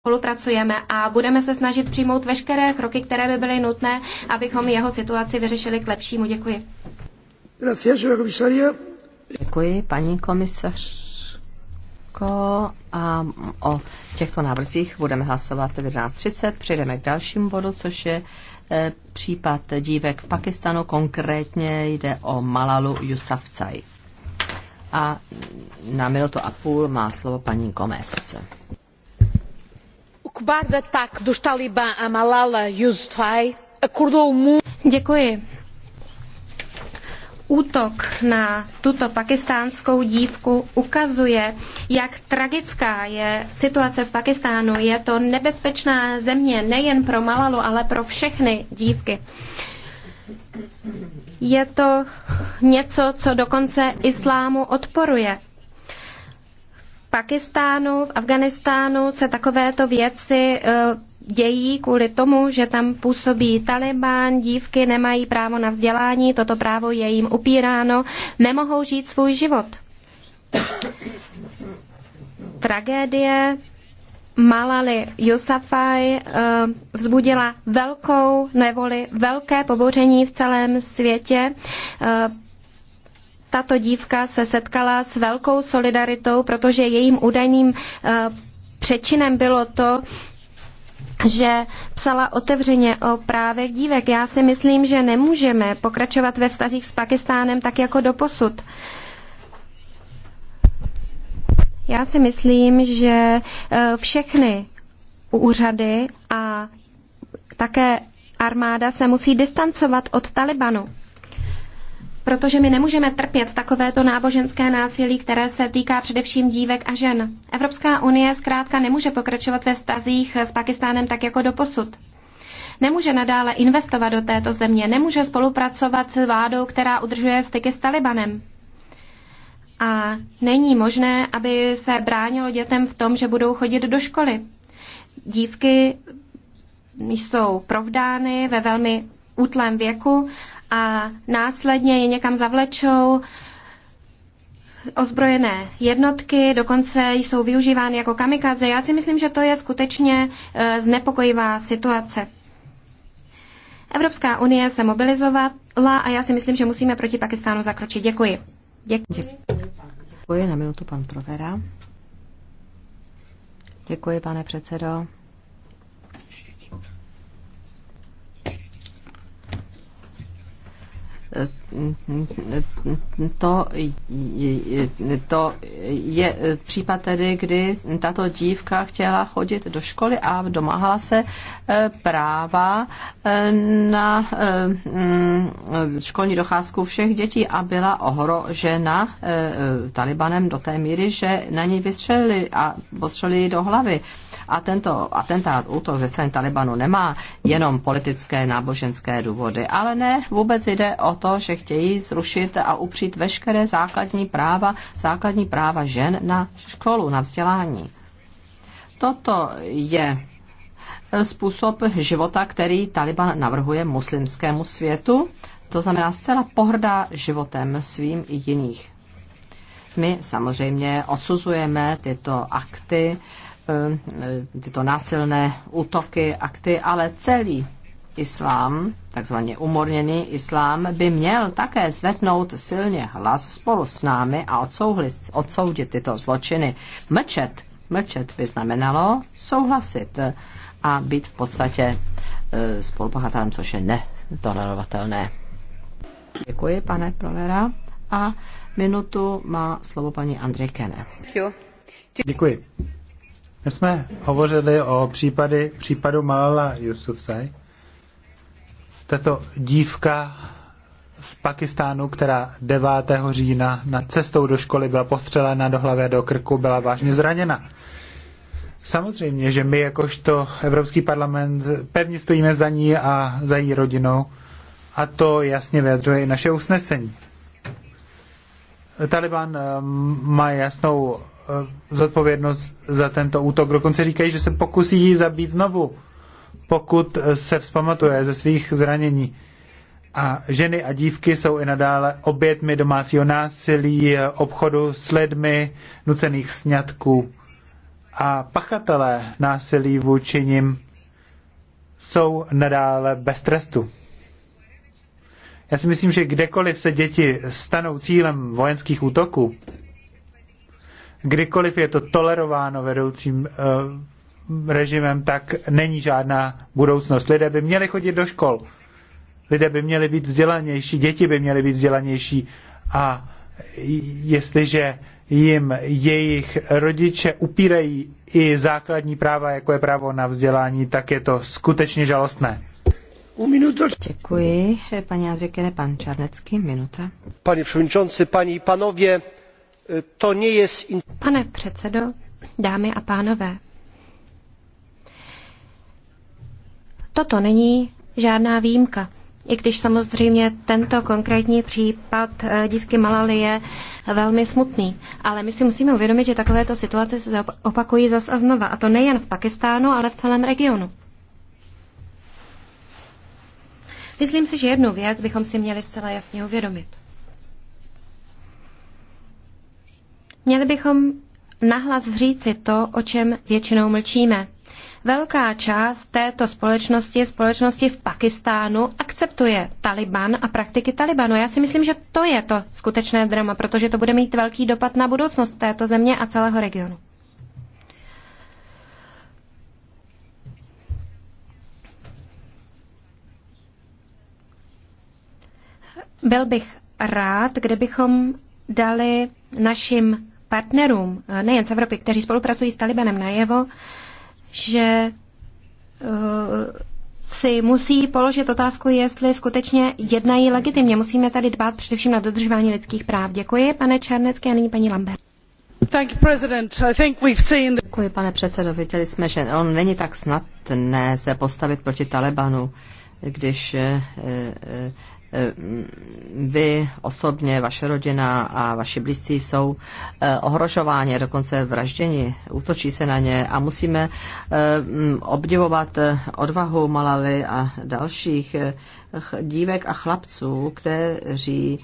spolupracujeme a budeme se snažit přijmout veškeré kroky, které by byly nutné, abychom jeho situaci vyřešili k lepšímu. Děkuji. Děkuji, paní komisařko. A o těchto návrzích budeme hlasovat v 11.30. Přejdeme k dalšímu bodu, což je eh, případ dívek v Pakistanu. Konkrétně jde o Malalu Yousafzai. A na minutu a půl má slovo paní Gomez. O ataque dos talibã a Malala Yousafzai acordou o mundo. Děkuji. Útok na tuto pakistánskou dívku ukazuje, jak tragická je situace v Pakistánu. Je to nebezpečná země nejen pro Malalu, ale pro všechny dívky. Je to něco, co dokonce islámu odporuje. Pakistánu, v Afganistánu se takovéto věci e, dějí kvůli tomu, že tam působí Taliban, dívky nemají právo na vzdělání, toto právo je jim upíráno, nemohou žít svůj život. Tragédie Malali Yousafzai e, vzbudila velkou nevoli, velké poboření v celém světě. E, tato dívka se setkala s velkou solidaritou, protože jejím údajným eh, přečinem bylo to, že psala otevřeně o právech dívek. Já si myslím, že nemůžeme pokračovat ve vztazích s Pakistánem tak jako doposud. Já si myslím, že eh, všechny úřady a také armáda se musí distancovat od Talibanu protože my nemůžeme trpět takovéto náboženské násilí, které se týká především dívek a žen. Evropská unie zkrátka nemůže pokračovat ve vztazích s Pakistánem tak jako doposud. Nemůže nadále investovat do této země, nemůže spolupracovat s vládou, která udržuje styky s Talibanem. A není možné, aby se bránilo dětem v tom, že budou chodit do školy. Dívky jsou provdány ve velmi útlém věku a následně je někam zavlečou ozbrojené jednotky, dokonce jsou využívány jako kamikaze. Já si myslím, že to je skutečně e, znepokojivá situace. Evropská unie se mobilizovala a já si myslím, že musíme proti Pakistánu zakročit. Děkuji. Děkuji. Děkuji na minutu pan Provera. Děkuji, pane předsedo. to, to je případ tedy, kdy tato dívka chtěla chodit do školy a domáhala se eh, práva eh, na eh, mm, školní docházku všech dětí a byla ohrožena Talibanem do té míry, že na ní vystřelili a postřelili do hlavy. A tento atentát, útok ze strany Talibanu nemá jenom politické, náboženské důvody, ale ne, vůbec jde o to, že chtějí zrušit a upřít veškeré základní práva, základní práva žen na školu, na vzdělání. Toto je způsob života, který Taliban navrhuje muslimskému světu, to znamená zcela pohrdá životem svým i jiných. My samozřejmě odsuzujeme tyto akty Eh, tyto násilné útoky, akty, ale celý islám, takzvaně umorněný islám, by měl také zvednout silně hlas spolu s námi a odsoudit tyto zločiny. Mlčet, mlčet by znamenalo souhlasit a být v podstatě eh, spolupachatelem, což je netolerovatelné. Děkuji, pane Provera. A minutu má slovo paní Andrej Kene. Děkuji. My jsme hovořili o případy, případu Malala Yusufzai. Tato dívka z Pakistánu, která 9. října na cestou do školy byla postřelena do hlavy a do krku, byla vážně zraněna. Samozřejmě, že my jakožto Evropský parlament pevně stojíme za ní a za její rodinou a to jasně vyjadřuje i naše usnesení. Taliban eh, má jasnou eh, zodpovědnost za tento útok. Dokonce říkají, že se pokusí ji zabít znovu, pokud eh, se vzpamatuje ze svých zranění. A ženy a dívky jsou i nadále obětmi domácího násilí, obchodu s lidmi, nucených sňatků. A pachatelé násilí vůči nim jsou nadále bez trestu. Já si myslím, že kdekoliv se děti stanou cílem vojenských útoků, kdykoliv je to tolerováno vedoucím uh, režimem, tak není žádná budoucnost. Lidé by měli chodit do škol, lidé by měli být vzdělanější, děti by měly být vzdělanější a jestliže jim jejich rodiče upírají i základní práva, jako je právo na vzdělání, tak je to skutečně žalostné. Děkuji, paní Andřekene, pan Čarnecký, minuta. Pane předsedající, paní panově, to nie jest... Pane předsedo, dámy a pánové, toto není žádná výjimka. I když samozřejmě tento konkrétní případ eh, dívky Malaly je velmi smutný. Ale my si musíme uvědomit, že takovéto situace se opakují zas a znova. A to nejen v Pakistánu, ale v celém regionu. Myslím si, že jednu věc bychom si měli zcela jasně uvědomit. Měli bychom nahlas říci to, o čem většinou mlčíme. Velká část této společnosti, společnosti v Pakistánu, akceptuje Taliban a praktiky Talibanu. Já si myslím, že to je to skutečné drama, protože to bude mít velký dopad na budoucnost této země a celého regionu. Byl bych rád, kdybychom dali našim partnerům, nejen z Evropy, kteří spolupracují s Talibanem najevo, že eh, si musí položit otázku, jestli skutečně jednají legitimně. Musíme tady dbát především na dodržování lidských práv. Děkuji, pane Černecký, a nyní paní Lambert. Thank you, President. I think we've seen the... Děkuji, pane předsedo. Viděli jsme, že on není tak snadné se postavit proti Talibanu, když eh, eh, Eh, vy osobně, vaše rodina a vaši blízcí jsou eh, ohrožováni, dokonce vražděni, útočí se na ně a musíme eh, obdivovat odvahu Malaly a dalších dívek a chlapců, kteří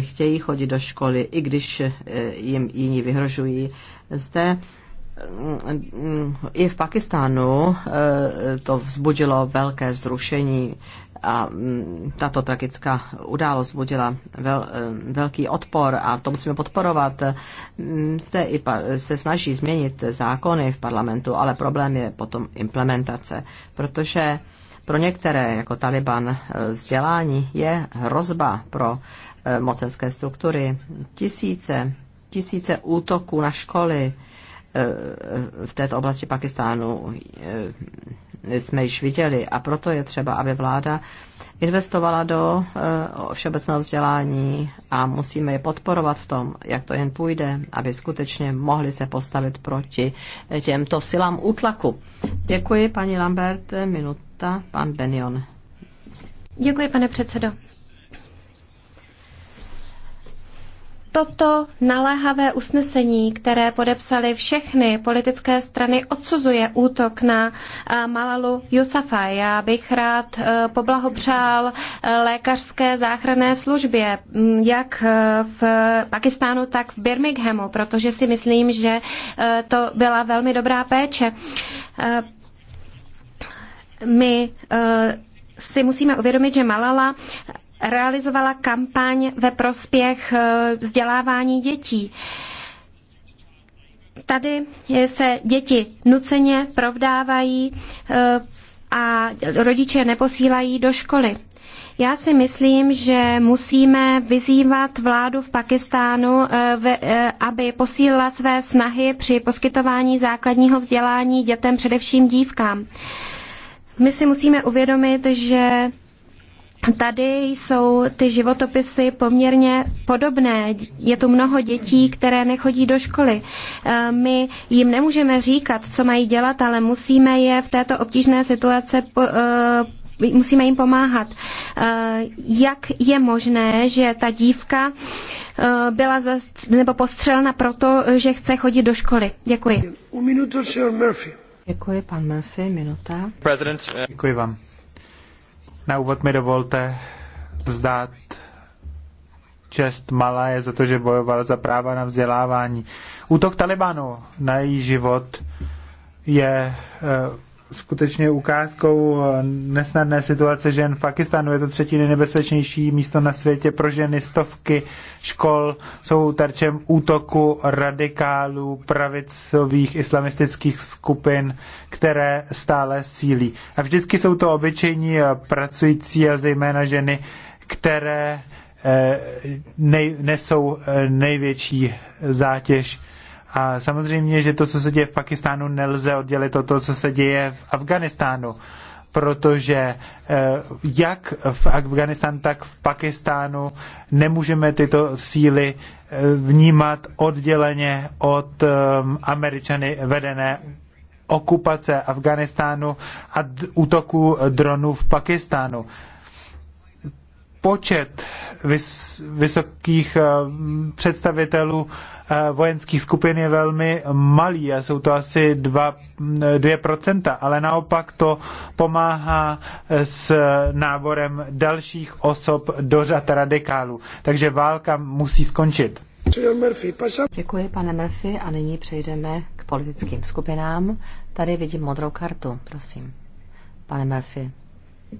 chtějí chodit do školy, i když jim jiní vyhrožují. Zde i v Pakistánu eh, to vzbudilo velké vzrušení a mm, tato tragická událost vzbudila vel, eh, velký odpor a to musíme podporovat. Mm, zde i se snaží změnit zákony v parlamentu, ale problém je potom implementace, protože pro některé, jako Taliban, eh, vzdělání je hrozba pro mocenské struktury. Tisíce, tisíce útoků na školy, v této oblasti Pakistánu eh, jsme již viděli a proto je třeba, aby vláda investovala do eh, všeobecného vzdělání a musíme je podporovat v tom, jak to jen půjde, aby skutečně mohli se postavit proti těmto silám útlaku. Děkuji, paní Lambert. Minuta, pan Benion. Děkuji, pane předsedo. Toto naléhavé usnesení, které podepsali všechny politické strany, odsuzuje útok na eh, Malalu Yusafa. Já bych rád eh, poblahopřál eh, lékařské záchranné službě, mm, jak v Pakistánu, tak v Birminghamu, protože si myslím, že to byla velmi dobrá péče. My si musíme uvědomit, že Malala realizovala kampaň ve prospěch eh, vzdělávání dětí. Tady se děti nuceně provdávají eh, a rodiče neposílají do školy. Já si myslím, že musíme vyzývat vládu v Pakistánu, eh, aby posílila své snahy při poskytování základního vzdělání dětem, především dívkám. My si musíme uvědomit, že Tady jsou ty životopisy poměrně podobné. Je tu mnoho dětí, které nechodí do školy. Eh, my jim nemůžeme říkat, co mají dělat, ale musíme je v této obtížné situace eh, musíme jim pomáhat. Eh, jak je možné, že ta dívka byla zast, nebo postřelena proto, že chce chodit do školy? Děkuji. Děkuji, pan Murphy, minuta. President, děkuji vám. Na úvod mi dovolte vzdát čest Malaje za to, že bojoval za práva na vzdělávání. Útok Talibanu na její život je eh, skutečně ukázkou eh, nesnadné situace žen v Pakistanu Je to třetí nejnebezpečnější místo na světě pro ženy. Stovky škol jsou terčem útoku radikálů pravicových islamistických skupin, které stále sílí. A vždycky jsou to obyčejní eh, pracující a zejména ženy, které eh, nej, nesou největší zátěž a samozřejmě, že to, co se děje v Pakistánu, nelze oddělit od toho, co se děje v Afganistánu protože eh, jak v Afganistánu, tak v Pakistánu nemůžeme tyto síly eh, vnímat odděleně od ehm, Američany vedené okupace Afganistánu a útoku dronů v Pakistánu počet vys, vysokých eh, představitelů eh, vojenských skupin je velmi malý a jsou to asi dva 2, eh, procenta, ale naopak to pomáhá s náborem dalších osob do řad radikálů. Takže válka musí skončit. Děkuji, pane Murphy, a nyní přejdeme k politickým skupinám. Tady vidím modrou kartu, prosím. Pane Murphy,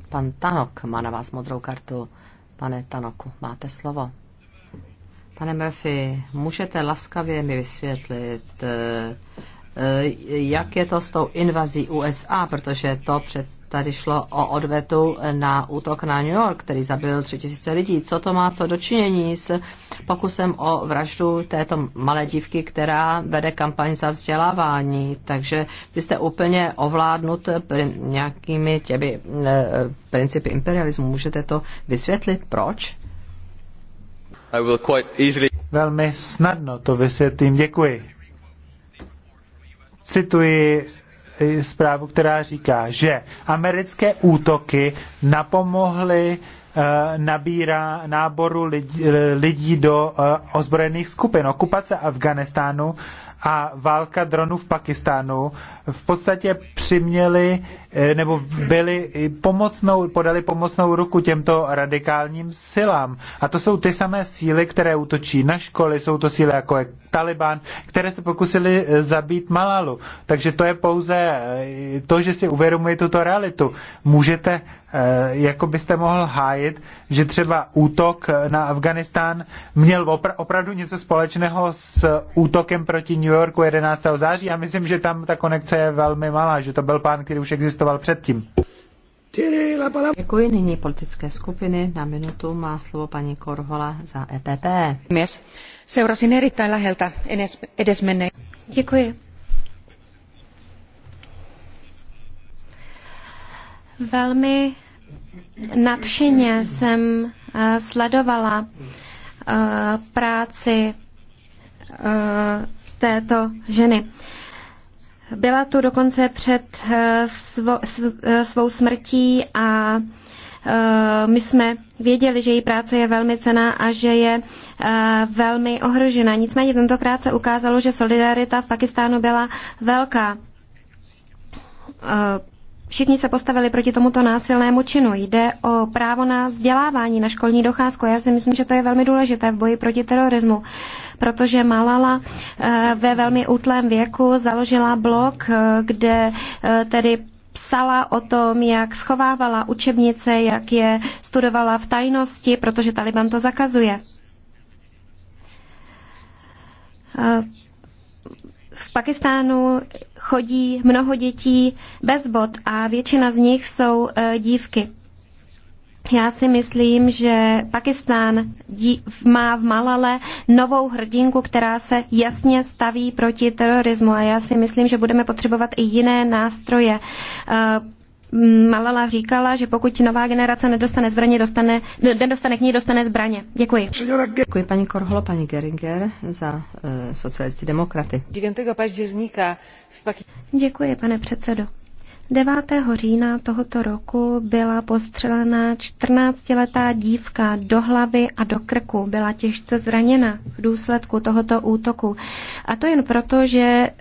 pan Tanok má na vás modrou kartu. Pane Tanoku, máte slovo. Pane Murphy, můžete laskavě mi vysvětlit, eh, Eh, jak je to s tou invazí USA, protože to před, tady šlo o odvetu na útok na New York, který zabil 3000 lidí. Co to má co dočinění s pokusem o vraždu této malé dívky, která vede kampaň za vzdělávání? Takže vy jste úplně ovládnut nějakými těmi eh, principy imperialismu. Můžete to vysvětlit? Proč? I will quite easily... Velmi snadno to vysvětlím. Děkuji cituji eh, zprávu, která říká, že americké útoky napomohly eh, nabírá náboru lidí, eh, lidí do ozbrojených skupin. Okupace Afganistánu a válka dronů v Pakistánu v podstatě přiměly Eh, nebo byli pomocnou, podali pomocnou ruku těmto radikálním silám. A to jsou ty samé síly, které útočí na školy, jsou to síly jako je Taliban, které se pokusili eh, zabít Malalu. Takže to je pouze eh, to, že si uvědomuje tuto realitu. Můžete, jako byste mohl hájit, že třeba útok na Afganistán měl opra- opravdu něco společného s útokem proti New Yorku 11. září. Já myslím, že tam ta konekce je velmi malá, že to byl pán, který už existoval diskutoval předtím. Děkuji. Nyní politické skupiny. Na minutu má slovo paní Korhola za EPP. Děkuji. Velmi nadšeně jsem eh, sledovala eh, práci eh, této ženy. Byla tu dokonce před eh, eh, svou smrtí a eh, my jsme věděli, že její práce je velmi cená a že je velmi ohrožena. Nicméně tentokrát se ukázalo, že solidarita v Pakistánu byla velká Všichni se postavili proti tomuto násilnému činu. Jde o právo na vzdělávání, na školní docházku. Já si myslím, že to je velmi důležité v boji proti terorismu, protože Malala eh, ve velmi útlém věku založila blog, eh, kde eh, tedy psala o tom, jak schovávala učebnice, jak je studovala v tajnosti, protože Taliban to zakazuje v Pakistánu chodí mnoho dětí bez bot a většina z nich jsou e, dívky. Já si myslím, že Pakistán má v Malale novou hrdinku, která se jasně staví proti terorismu a já si myslím, že budeme potřebovat i jiné nástroje. E, Malala říkala, že pokud nová generace nedostane zbraně, dostane, nedostane k ní, dostane zbraně. Děkuji. Děkuji paní Korholo, paní Geringer za uh, eh, socialisty demokraty. Děkuji, pane předsedo. 9. října tohoto roku byla postřelena 14-letá dívka do hlavy a do krku. Byla těžce zraněna v důsledku tohoto útoku. A to jen proto, že e,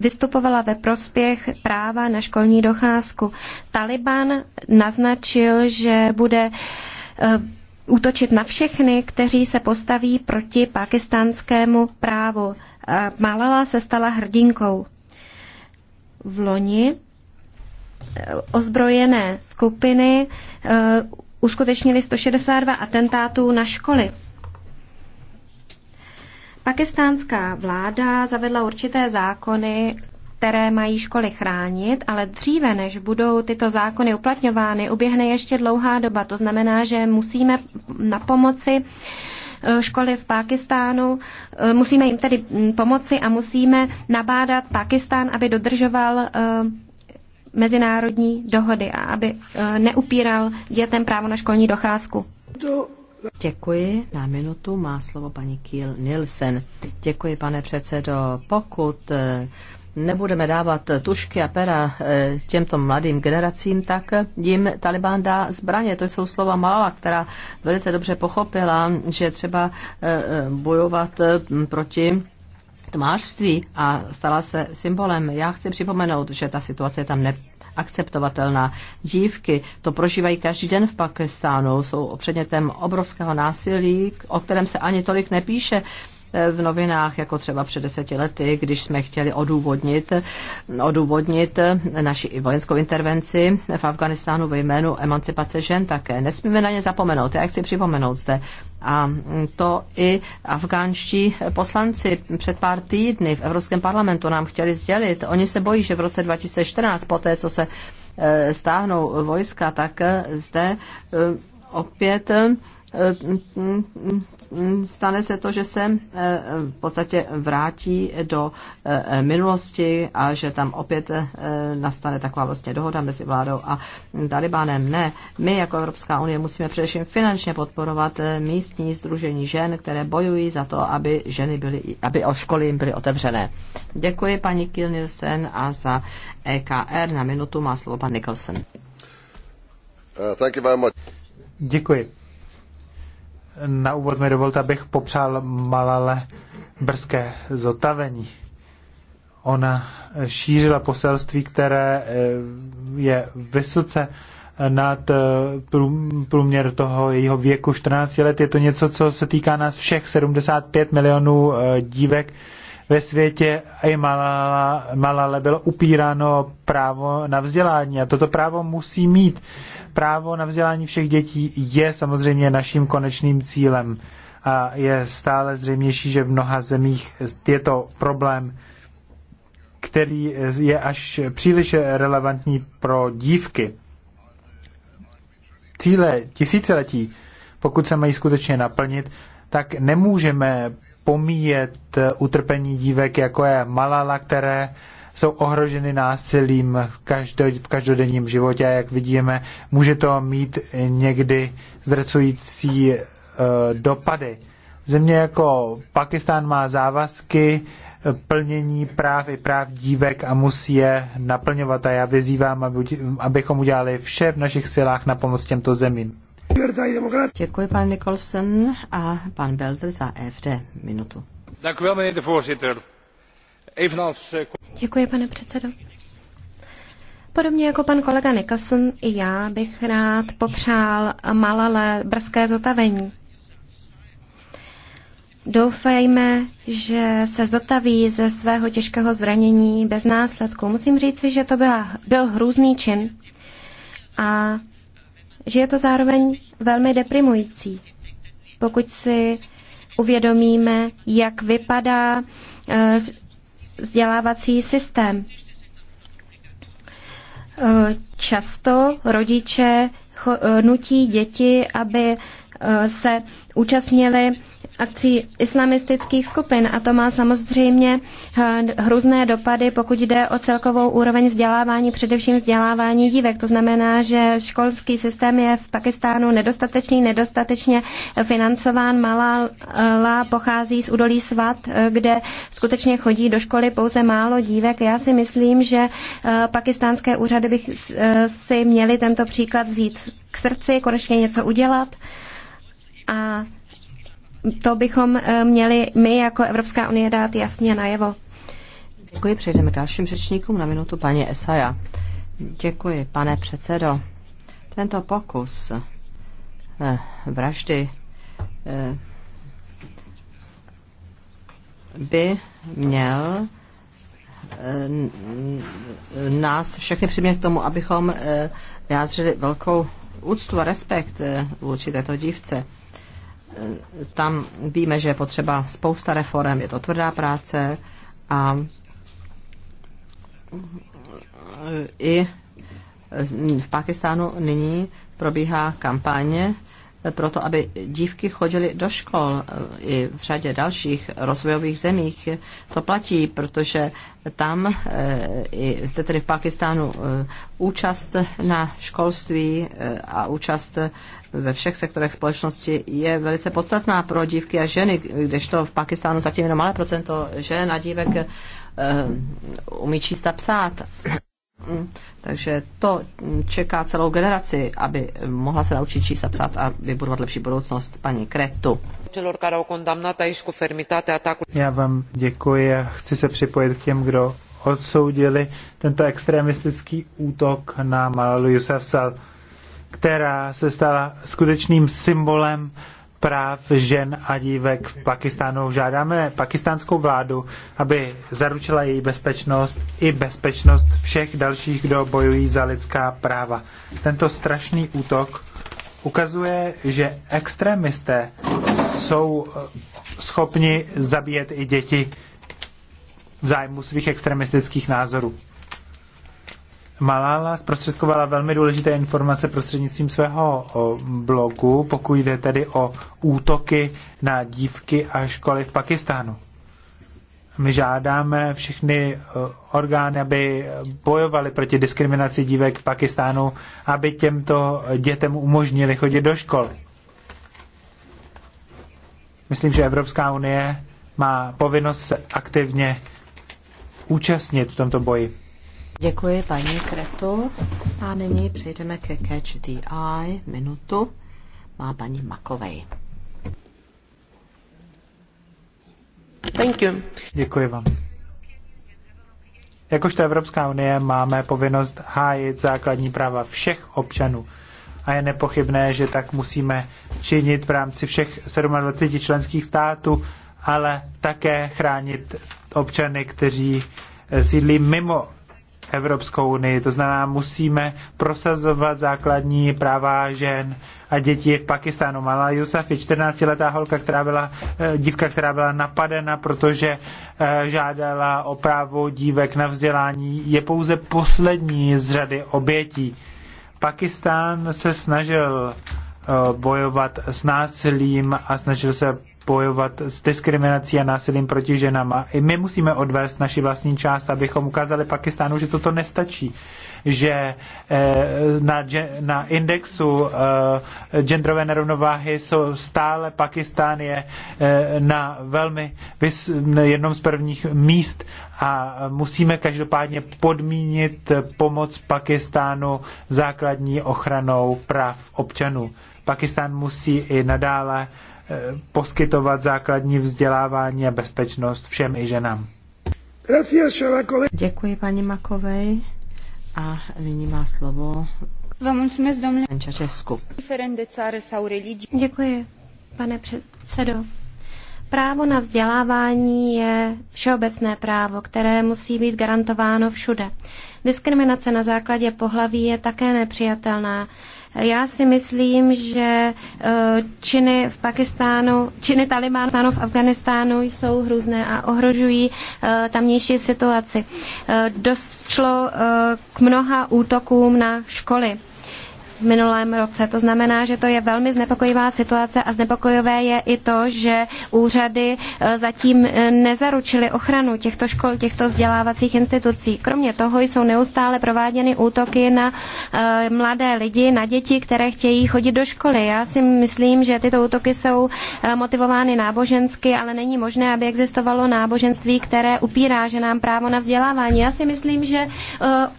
vystupovala ve prospěch práva na školní docházku. Taliban naznačil, že bude e, útočit na všechny, kteří se postaví proti pakistánskému právu. Malala se stala hrdinkou. V loni ozbrojené skupiny eh, uskutečnili 162 atentátů na školy. Pakistánská vláda zavedla určité zákony, které mají školy chránit, ale dříve, než budou tyto zákony uplatňovány, uběhne ještě dlouhá doba. To znamená, že musíme na pomoci eh, školy v Pákistánu, eh, musíme jim tedy hm, pomoci a musíme nabádat Pakistán, aby dodržoval mezinárodní dohody a aby eh, neupíral dětem právo na školní docházku. Děkuji. Na minutu má slovo paní Kiel Nielsen. Děkuji, pane předsedo. Pokud eh, nebudeme dávat tušky a pera eh, těmto mladým generacím, tak jim Taliban dá zbraně. To jsou slova Malala, která velice dobře pochopila, že třeba bojovat proti tmářství a stala se symbolem. Já chci připomenout, že ta situace je tam ne akceptovatelná. Dívky to prožívají každý den v Pakistánu, jsou předmětem obrovského násilí, o kterém se ani tolik nepíše v novinách, jako třeba před deseti lety, když jsme chtěli odůvodnit, odůvodnit naši vojenskou intervenci v Afganistánu ve jménu emancipace žen také. Nesmíme na ně zapomenout, já chci připomenout zde. A to i afgánští poslanci před pár týdny v Evropském parlamentu nám chtěli sdělit. Oni se bojí, že v roce 2014, po té, co se eh, stáhnou vojska, tak eh, zde eh, opět stane se to, že se eh, v podstatě vrátí do eh, minulosti a že tam opět eh, nastane taková vlastně dohoda mezi vládou a Talibánem. Ne, my jako Evropská unie musíme především finančně podporovat místní združení žen, které bojují za to, aby ženy byly, aby o školy jim byly otevřené. Děkuji paní Kiel Nielsen a za EKR na minutu má slovo pan Nicholson. Uh, thank you very much. Děkuji. Na úvod mi dovolte, abych popřál Malale brzké zotavení. Ona šířila poselství, které eh, je vysoce eh, nad eh, průměr toho jejího věku 14 let. Je to něco, co se týká nás všech 75 milionů dívek ve světě i Malala, bylo upíráno právo na vzdělání a toto právo musí mít. Právo na vzdělání všech dětí je samozřejmě naším konečným cílem a je stále zřejmější, že v mnoha zemích je to problém, který je až příliš relevantní pro dívky. Cíle tisíciletí, pokud se mají skutečně naplnit, tak nemůžeme pomíjet utrpení dívek, jako je Malala, které jsou ohroženy násilím v, každodenním životě a jak vidíme, může to mít někdy zdrcující e, dopady. Země jako Pakistán má závazky plnění práv i práv dívek a musí je naplňovat. A já vyzývám, aby, abychom udělali vše v našich silách na pomoc těmto zemím. Děkuji, pan Nicholson a pan Belder za EFD. Minutu. Eh, Děkuji, pane předsedo. Podobně jako pan kolega Nicholson, i já bych rád popřál malé brzké zotavení. Doufejme, že se zotaví ze svého těžkého zranění bez následku. Musím říci, že to byla, byl hrůzný čin a že je to zároveň velmi deprimující, pokud si uvědomíme, jak vypadá eh, vzdělávací systém. Eh, často rodiče eh, nutí děti, aby se účastnili akcí islamistických skupin a to má samozřejmě eh, hrozné dopady, pokud jde o celkovou úroveň vzdělávání, především vzdělávání dívek. To znamená, že školský systém je v Pakistánu nedostatečný, nedostatečně financován. Malá pochází z údolí Svat, eh, kde skutečně chodí do školy pouze málo dívek. Já si myslím, že eh, pakistánské úřady bych si měly tento příklad vzít k srdci, konečně něco udělat. A to bychom eh, měli my jako Evropská unie dát jasně najevo. Děkuji, přejdeme k dalším řečníkům na minutu paní Esaja. Děkuji, pane předsedo. Tento pokus eh, vraždy eh, by měl eh, nás všechny přimět k tomu, abychom eh, vyjádřili velkou úctu a respekt vůči této dívce tam víme, že je potřeba spousta reform, je to tvrdá práce a i v Pakistánu nyní probíhá kampaně proto, aby dívky chodily do škol e, i v řadě dalších rozvojových zemích. To platí, protože tam, e, i zde tedy v Pakistánu, e, účast na školství a účast ve všech sektorech společnosti je velice podstatná pro dívky a ženy, kdežto v Pakistánu zatím jenom malé procento žen a dívek umí číst a psát. Mm. Takže to čeká celou generaci, aby mohla se naučit číst a psát a vybudovat lepší budoucnost paní Kretu. Já vám děkuji a chci se připojit k těm, kdo odsoudili tento extremistický útok na Malalu Yousafzal, která se stala skutečným symbolem práv žen a dívek v Pakistánu. Žádáme pakistánskou vládu, aby zaručila její bezpečnost i bezpečnost všech dalších, kdo bojují za lidská práva. Tento strašný útok ukazuje, že extremisté jsou eh, schopni zabíjet i děti v zájmu svých extremistických názorů. Malala zprostředkovala velmi důležité informace prostřednictvím svého blogu, pokud jde tedy o útoky na dívky a školy v Pakistánu. My žádáme všechny orgány, aby bojovali proti diskriminaci dívek v Pakistánu, aby těmto dětem umožnili chodit do školy. Myslím, že Evropská unie má povinnost se aktivně účastnit v tomto boji. Děkuji paní Kretu a nyní přejdeme ke Catch the Eye. Minutu má paní Makovej. Thank you. Děkuji vám. Jakožto Evropská unie máme povinnost hájit základní práva všech občanů a je nepochybné, že tak musíme činit v rámci všech 27 členských států, ale také chránit občany, kteří eh, sídlí mimo Evropskou unii. To znamená, musíme prosazovat základní práva žen a dětí v Pakistánu. Malá Yusuf je 14-letá holka, která byla, eh, dívka, která byla napadena, protože eh, žádala o právo dívek na vzdělání. Je pouze poslední z řady obětí. Pakistán se snažil eh, bojovat s násilím a snažil se bojovat s diskriminací a násilím proti ženám. A i my musíme odvést naši vlastní část, abychom ukázali Pakistánu, že toto nestačí. Že eh, na, na indexu eh, genderové nerovnováhy jsou stále Pakistán je eh, na velmi vys, jednom z prvních míst a musíme každopádně podmínit pomoc Pakistánu základní ochranou práv občanů. Pakistán musí i nadále poskytovat základní vzdělávání a bezpečnost všem i ženám. Děkuji paní Makovej a nyní má slovo Vă mulțumesc, Děkuji, pane předsedo. Právo na vzdělávání je všeobecné právo, které musí být garantováno všude. Diskriminace na základě pohlaví je také nepřijatelná. Já si myslím, že eh, činy v Pakistánu, činy Talibánu v Afganistánu jsou hrůzné a ohrožují eh, tamnější situaci. Eh, došlo k mnoha útokům na školy v minulém roce. To znamená, že to je velmi znepokojivá situace a znepokojivé je i to, že úřady e, zatím e, nezaručily ochranu těchto škol, těchto vzdělávacích institucí. Kromě toho jsou neustále prováděny útoky na e, mladé lidi, na děti, které chtějí chodit do školy. Já si myslím, že tyto útoky jsou motivovány nábožensky, ale není možné, aby existovalo náboženství, které upírá ženám právo na vzdělávání. Já si myslím, že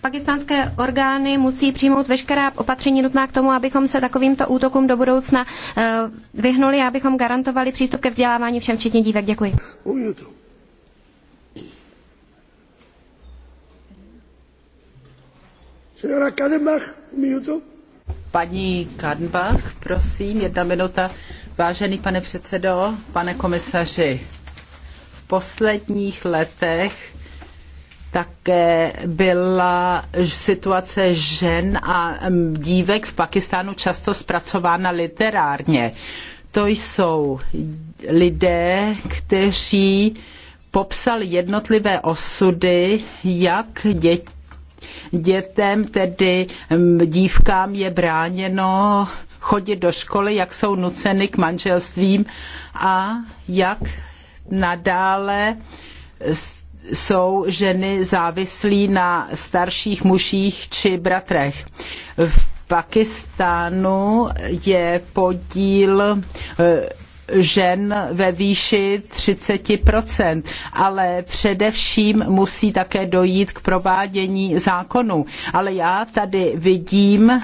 pakistánské orgány musí přijmout veškerá opatření do nutná k tomu, abychom se takovýmto útokům do budoucna eh, vyhnuli a abychom garantovali přístup ke vzdělávání všem, včetně dívek. Děkuji. minuto. Paní Kadenbach, prosím, jedna minuta. Vážený pane předsedo, pane komisaři, v posledních letech také byla situace žen a dívek v Pakistánu často zpracována literárně. To jsou lidé, kteří popsali jednotlivé osudy, jak dět, dětem, tedy dívkám je bráněno chodit do školy, jak jsou nuceny k manželstvím a jak nadále jsou ženy závislí na starších mužích či bratrech. V Pakistánu je podíl e, žen ve výši 30%, ale především musí také dojít k provádění zákonů. Ale já tady vidím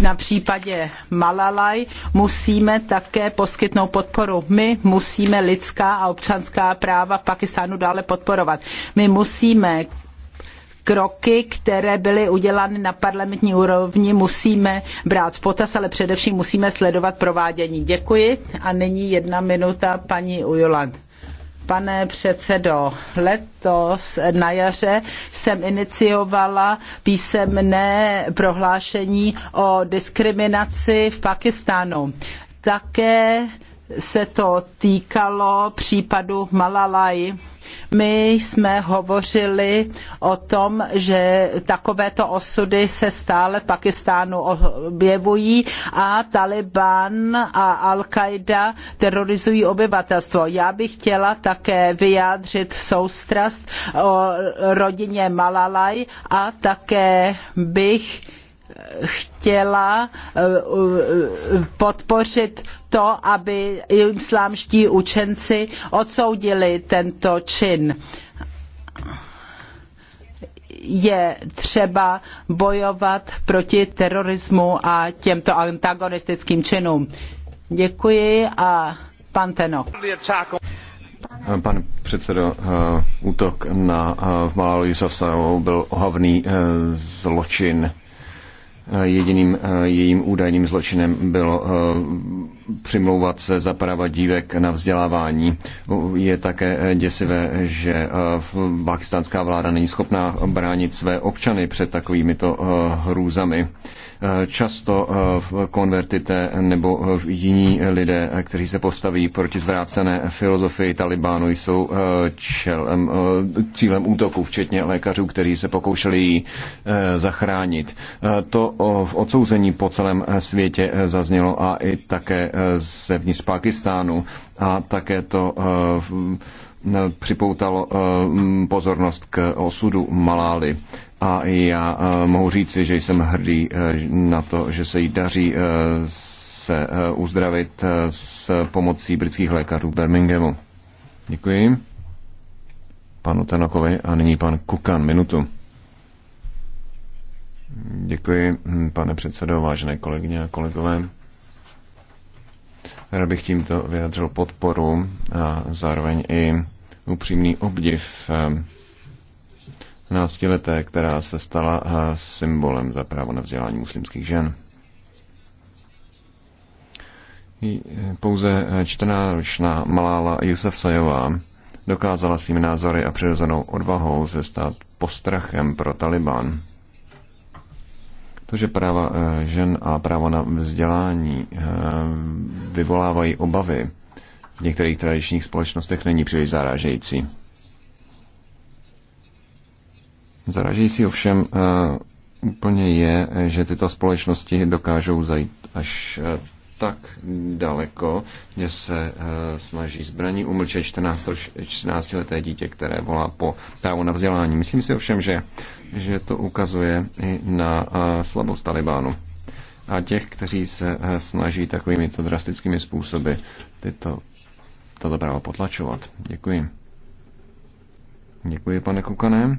na případě Malalaj musíme také poskytnout podporu. My musíme lidská a občanská práva v Pakistánu dále podporovat. My musíme kroky, které byly udělány na parlamentní úrovni, musíme brát v potaz, ale především musíme sledovat provádění. Děkuji a nyní jedna minuta paní Ujoland. Pane předsedo, letos na jaře jsem iniciovala písemné prohlášení o diskriminaci v Pakistánu. Také se to týkalo případu Malalaj. My jsme hovořili o tom, že takovéto osudy se stále v Pakistánu objevují a Taliban a Al-Qaida terorizují obyvatelstvo. Já bych chtěla také vyjádřit soustrast o rodině Malalaj a také bych chtěla eh, eh, podpořit to, aby islámští učenci odsoudili tento čin. Je třeba bojovat proti terorismu a těmto antagonistickým činům. Děkuji a pan Tenok. Pane předsedo, eh, útok na Malálu Jusafsovou byl ohavný zločin Jediným eh, jejím údajným zločinem bylo eh, přimlouvat se za práva dívek na vzdělávání. Je také eh, děsivé, že pakistánská vláda není schopná bránit své občany před takovýmito hrůzami často eh, v konvertité nebo v jiní lidé, kteří se postaví proti zvrácené filozofii Talibánu, jsou eh, čelem, eh, cílem útoku, včetně lékařů, kteří se pokoušeli ji zachránit. To v odsouzení po celém světě zaznělo a i také zevnitř Pakistánu a také to připoutalo pozornost k osudu Malály. A já eh, mohu říci, že jsem hrdý eh, na to, že se jí daří eh, se uzdravit s pomocí britských lékařů v Birminghamu. Děkuji panu Tenokovi a nyní pan Kukan. Minutu. Děkuji, hm, pane předsedo, vážené kolegyně a kolegové. Rád bych tímto vyjadřil podporu a zároveň i upřímný obdiv náctileté, která se stala eh, symbolem za právo na vzdělání muslimských žen. Eh, pouze eh, čtenáročná Malála Malála Sajová dokázala svými názory a přirozenou odvahou se stát postrachem pro Taliban. To, že práva žen a právo na vzdělání vyvolávají obavy v některých tradičních společnostech, není příliš zarážející. Zaražující ovšem eh, úplně je, že tyto společnosti dokážou zajít až eh, tak daleko, že se eh, snaží zbraní umlčet 14, 14 leté dítě, které volá po právu na vzdělání. Myslím si ovšem, že, že to ukazuje i na slabost Talibánu a těch, kteří se snaží takovými to drastickými způsoby tyto, toto právo potlačovat. Děkuji. Děkuji, pane Kukanem.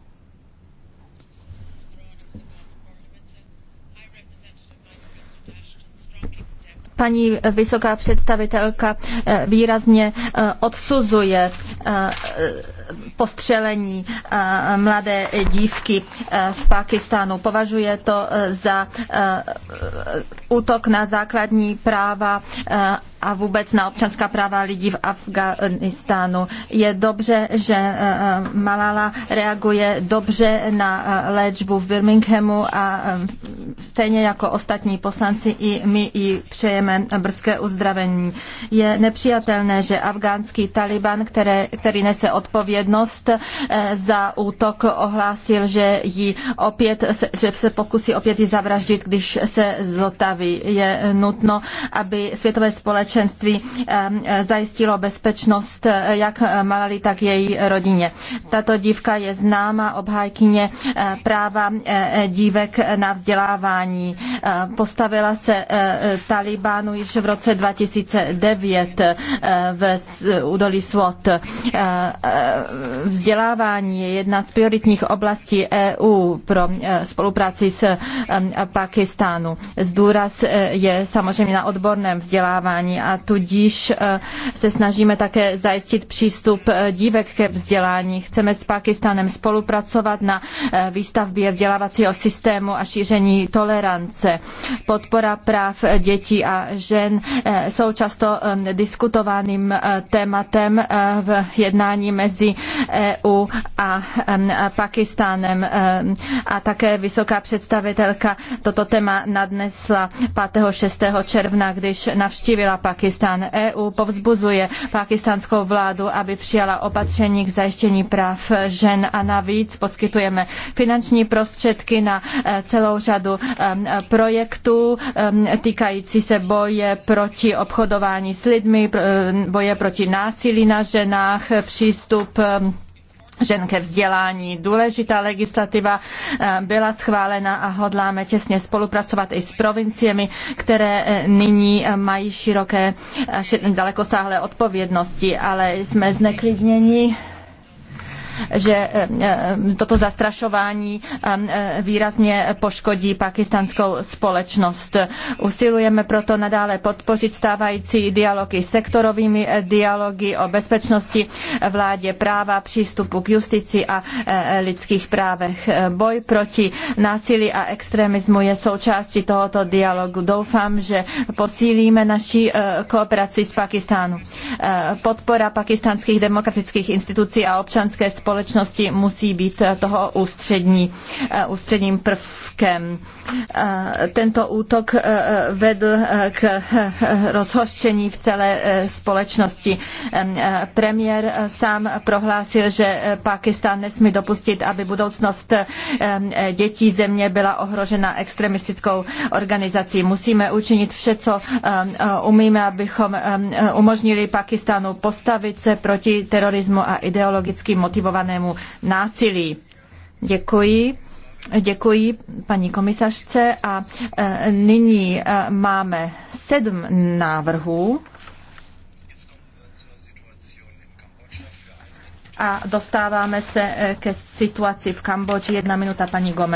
paní vysoká představitelka eh, výrazně eh, odsuzuje eh, postřelení mladé dívky v Pakistánu. Považuje to za útok na základní práva a vůbec na občanská práva lidí v Afganistánu. Je dobře, že eh, eh, Malala reaguje dobře na eh, léčbu v Birminghamu a stejně jako ostatní poslanci i my jí přejeme brzké uzdravení. Je nepřijatelné, že afgánský Taliban, které, který nese odpovědnost za útok, ohlásil, že ji opět, že se pokusí opět ji zavraždit, když se zotaví. Je nutno, aby světové společnosti společenství ehm, zajistilo bezpečnost eh, jak Malali, tak její rodině. Tato dívka je známá obhájkyně eh, práva eh, dívek na vzdělávání. Postavila se Talibánu již v roce 2009 v údolí Swat. Vzdělávání je jedna z prioritních oblastí EU pro spolupráci s Pakistánu. Zdůraz je samozřejmě na odborném vzdělávání a tudíž eh, se snažíme také zajistit přístup eh, dívek ke vzdělání. Chceme s Pakistanem spolupracovat na eh, výstavbě vzdělávacího systému a šíření tolerance. Podpora práv dětí a žen jsou často diskutovaným tématem v jednání mezi EU a Pakistánem. A také vysoká představitelka toto téma nadnesla 5. 6. června, když navštívila Pakistán. Pakistán. EU povzbuzuje pakistánskou vládu, aby přijala opatření k zajištění práv žen a navíc poskytujeme finanční prostředky na e, celou řadu e, projektů e, týkající se boje proti obchodování s lidmi, boje proti násilí na ženách, přístup žen ke vzdělání. Důležitá legislativa eh, byla schválena a hodláme těsně spolupracovat i s provinciemi, které eh, nyní eh, mají široké, dalekosáhlé odpovědnosti, ale jsme zneklidněni že eh, eh, toto zastrašování eh, výrazně poškodí pakistánskou společnost. Usilujeme proto nadále podpořit stávající dialogy sektorovými dialogy o bezpečnosti vládě práva, přístupu k justici a lidských právech. Boj proti násilí a extremismu je součástí tohoto dialogu. Doufám, že posílíme naši kooperaci s Pakistánu. Podpora pakistánských demokratických institucí a občanské společnosti společnosti musí být toho ústřední, eh, ústředním prvkem. Eh, tento útok eh, vedl k rozhoštění v celé společnosti. Premiér sám prohlásil, že Pakistán nesmí dopustit, aby budoucnost dětí země byla ohrožena extremistickou organizací. Musíme učinit vše, co umíme, abychom umožnili Pakistánu postavit se proti terorismu a ideologickým motivům nekontrolovanému násilí. Děkuji. Děkuji paní komisařce a e, nyní e, máme sedm návrhů. A dostáváme se e, ke situaci v Kambodži. Jedna minuta paní Gomes